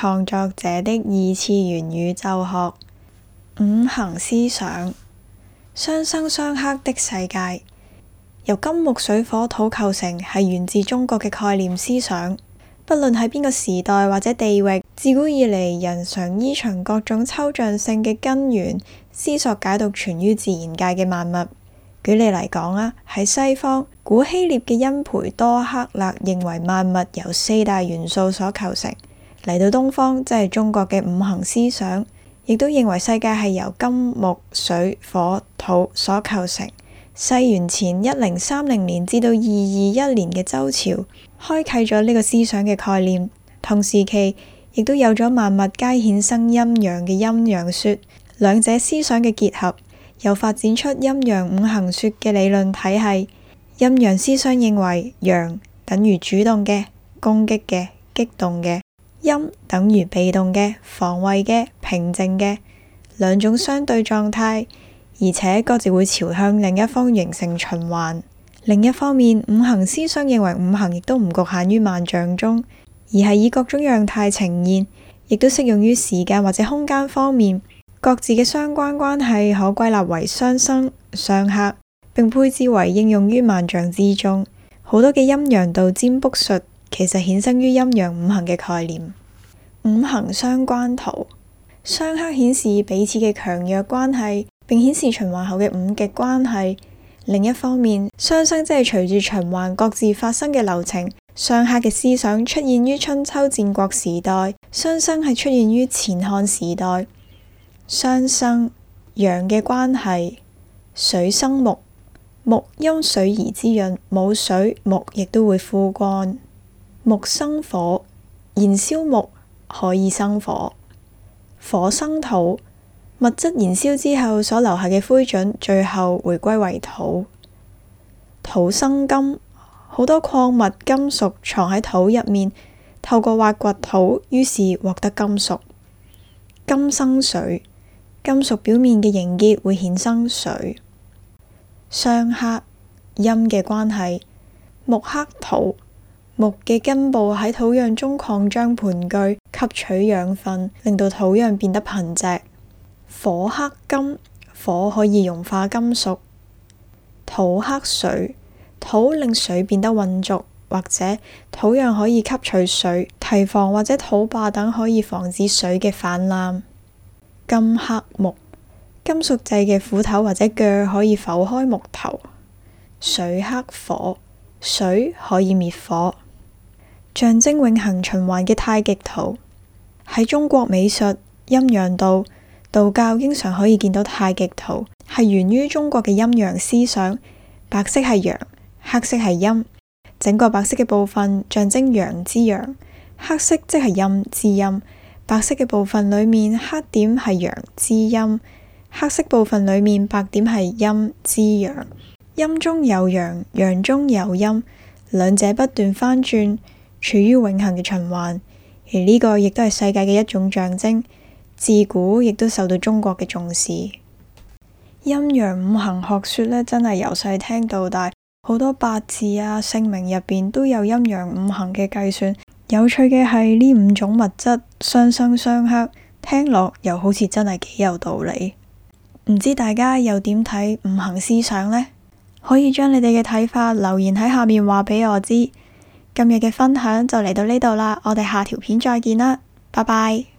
創作者的異次元宇宙學，五行思想，相生相剋的世界由金木水火土構成，係源自中國嘅概念思想。不論喺邊個時代或者地域，自古以來，人常依循各種抽象性嘅根源思索解讀，存於自然界嘅萬物。舉例嚟講啦，喺西方，古希臘嘅恩培多克勒認為萬物由四大元素所構成。嚟到東方，即係中國嘅五行思想，亦都認為世界係由金、木、水、火、土所構成。西元前一零三零年至到二二一年嘅周朝，開啟咗呢個思想嘅概念。同時期亦都有咗萬物皆衍生陰陽嘅陰陽說，兩者思想嘅結合，又發展出陰陽五行說嘅理論體系。陰陽思想認為陽，陽等於主動嘅、攻擊嘅、激動嘅。陰等於被動嘅、防衛嘅、平靜嘅兩種相對狀態，而且各自會朝向另一方形成循環。另一方面，五行思想認為五行亦都唔局限於萬象中，而係以各種樣態呈現，亦都適用於時間或者空間方面。各自嘅相關關係可歸納為相生、相克，並配置為應用於萬象之中。好多嘅陰陽道占卜術，術。其實衍生於陰陽五行嘅概念，五行相關圖相克顯示彼此嘅強弱關係，並顯示循環後嘅五極關係。另一方面，相生即係隨住循環各自發生嘅流程。相克嘅思想出現於春秋戰國時代，相生係出現於前漢時代。相生陽嘅關係，水生木，木因水而滋潤，冇水木亦都會枯乾。木生火，燃燒木可以生火；火生土，物質燃燒之後所留下嘅灰燼，最後回歸為土；土生金，好多礦物金屬藏喺土入面，透過挖掘土，於是獲得金屬；金生水，金屬表面嘅凝結會衍生水；相克陰嘅關係，木克土。木嘅根部喺土壤中擴張盤踞，吸取養分，令到土壤變得貧瘠。火克金，火可以溶化金屬。土克水，土令水變得渾濁，或者土壤可以吸取水。堤防或者土壩等可以防止水嘅泛濫。金克木，金屬製嘅斧頭或者鋸可以剖開木頭。水克火，水可以滅火。象徵永恒循環嘅太極圖。喺中國美術、陰陽道、道教經常可以見到太極圖，係源於中國嘅陰陽思想。白色係陽，黑色係陰。整個白色嘅部分象徵陽之陽，黑色即係陰之陰。白色嘅部分裏面黑點係陽之陰，黑色部分裏面白點係陰之陽。陰中有陽，陽中有陰，兩者不斷翻轉。處於永恒嘅循環，而呢個亦都係世界嘅一種象徵，自古亦都受到中國嘅重視。陰陽五行學說呢，真係由細聽到大，好多八字啊、姓名入邊都有陰陽五行嘅計算。有趣嘅係呢五種物質相生相克，聽落又好似真係幾有道理。唔知大家又點睇五行思想呢？可以將你哋嘅睇法留言喺下面話俾我知。今日嘅分享就嚟到呢度啦，我哋下條片再見啦，拜拜。